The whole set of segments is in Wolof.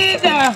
Vida.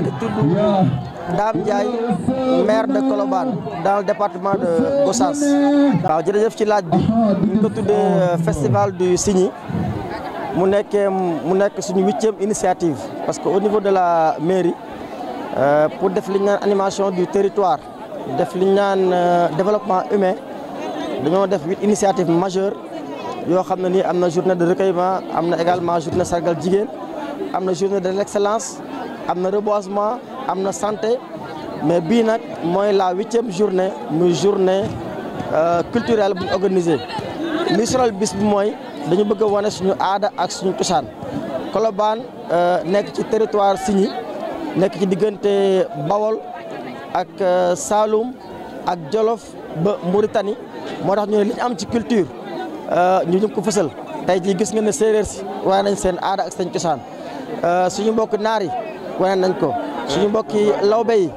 maa ngi tudd Dame Ndiaye maire de Colobane dans le département de Gossas. waaw jërëjëf ci laaj bi ñu ngi ko tuddee euh, festival du mu mu nekk suñu huitième initiative parce que au niveau de la mairie euh, pour def liñ ñu naan animation du territoire def li ñu naan euh, développement humain dañoo def initiative initiatives majeures yoo xam ne nii am na journée de recueillement am na également journée sargal jigéen am na journée de l' excellence. am na reboisement am na santé mais bii nag mooy la huitième journée muy journée euh, culturelle bu ñu organisé li soral bis bi mooy dañu bëgg a wane suñu aada ak suñu cosaan Colobane euh, nekk ci territoire Signy nekk ci diggante Bawol ak euh, Saloum ak Jolof ba Mauritanie moo tax ñu ne li ñu am ci culture ñu ngi ko fësal tey jii gis nga ne séeréer si waaye nañ seen aada ak seen cosaan suñu mbokk naar yi wane nañ ko suñu mbokki lawbe yi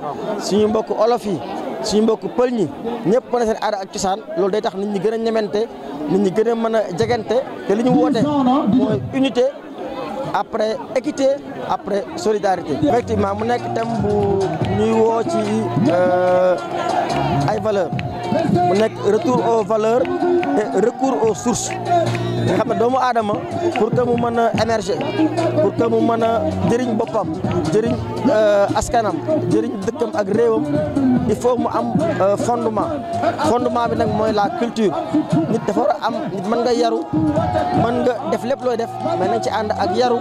suñu mbokk olof yi suñu mbokk pël ñi ñëpp wane seen aada ak cosaan loolu day tax nit ñi gën a ñemente nit ñi gën a mën a jegante te li ñu woote mooy unité après équité après solidarité effectivement mu nekk thème bu ñuy woo ci euh, ay valeurs mu nekk retour aux valeurs recours aux sources nga xam ne doomu aadama pour que mu mën a émerger pour que mën a jëriñ boppam jëriñ euh, askanam jëriñ dëkkam ak réewam il faut mu am euh, fondement fondement bi nag mooy la culture nit dafa war am nit nga yaru man nga def lépp looy def mais nañ ci ànd ak yaru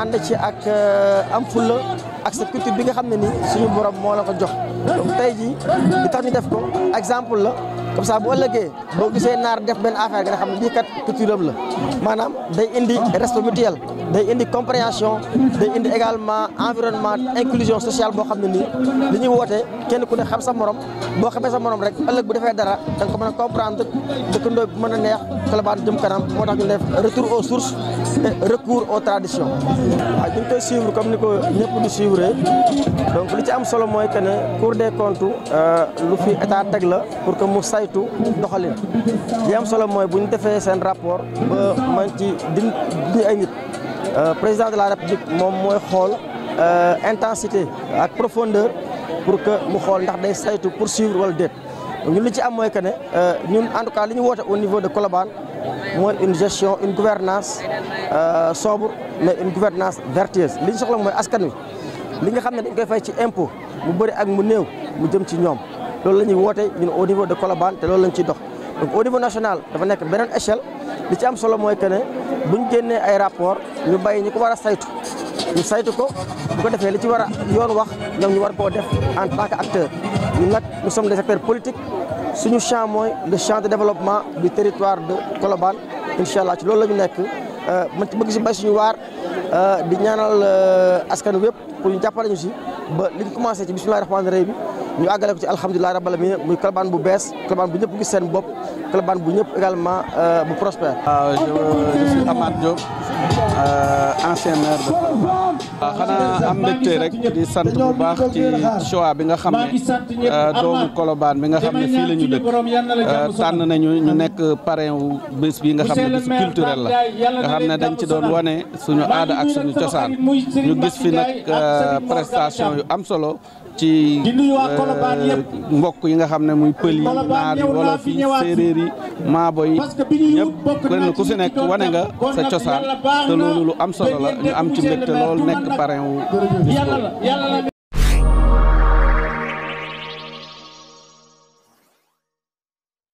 ànd ci ak euh, am fulla ak sa culture bi nga xam ne nii suñu borom moo la ko jox donc tey jii li tax ñu def ko exemple la comme ça bu ëllëgee boo gisee naar def benn affaire nga xam ne lii kat culture am la maanaam day indi respect mutuel day indi compréhension day indi également environnement inclusion sociale boo xam ne nii li ñuy woote kenn ku ne xam sa boo xamee sa morom rek ëllëg bu defee dara da ko mën a comprendre dëkkandoo bi mën a neex Colobane jëm kanam moo tax ñu def retour aux sources et recours aux traditions. waaw ñu ngi koy suivre comme ni ko ñëpp di suivre donc li ci am solo mooy que ne Cour des comptes euh, lu fi état teg la pour que mu saytu doxalin li am solo mooy bu ñu defee seen rapport ba man ci din di ay nit euh, président de la république moom mooy xool euh, intensité ak profondeur. pour que mu xool ndax day saytu poursuivre wala déet ñun li ci am mooy que ne euh, ñun en tout cas li ñu woote au niveau de Colobane mooy une gestion une gouvernance euh, sobre mais une gouvernance vertueuse li ñu soxla mooy askan wi li nga xam ne dañ koy fay ci impôt mu bëri ak mu néew mu jëm ci ñoom loolu la ñuy woote ñun au niveau de Colobane te loolu lañ ciy dox donc au niveau national dafa nekk beneen échelle li ci am solo mooy que bu ñu génnee ay rapport ñu bàyyi ñi ko war a saytu ñu saytu ko bu ko defee li ci war a yoon wax ñoom ñu war koo def en tant que acteur ñun nag nous sommes des acteurs politiques suñu champ mooy le champ de développement du territoire de Colobane incha allah ci loolu lañu nekk. mën bëgg si bay suñu waar euh, di ñaanal euh, askan wépp pour ñu jàppale ñu si ba liñ commencé ci bismillahi rahmaani rahim bi ñu àggale ko ci alhamdulilah rabbil alamin muy Colobane bu bees Colobane bu ñëpp gis seen bopp Colobane bu ñëpp également euh, bu prospère. waaw je waaw xanaa am mbégte rek di sant bu baax ci choix bi nga xam ne euh, doomu Colobane bi nga xam ne fii la dëkk euh, tànn nañu ñu nekk parrain wu bés bi nga xam ne bés culturel la nga xam ne dañ ci doon wane suñu aada ak suñu cosaan ñu gis fi nag euh, prestation yu am solo ci euh, mbokk yi nga xam ne muy pël yi naar yi wolof yi séeréer yi maabo yi ñëpp kenn ku si nekk wane nga sa cosaan te loolu lu am solo la ñu am ci mbégte lool nekk parrain wu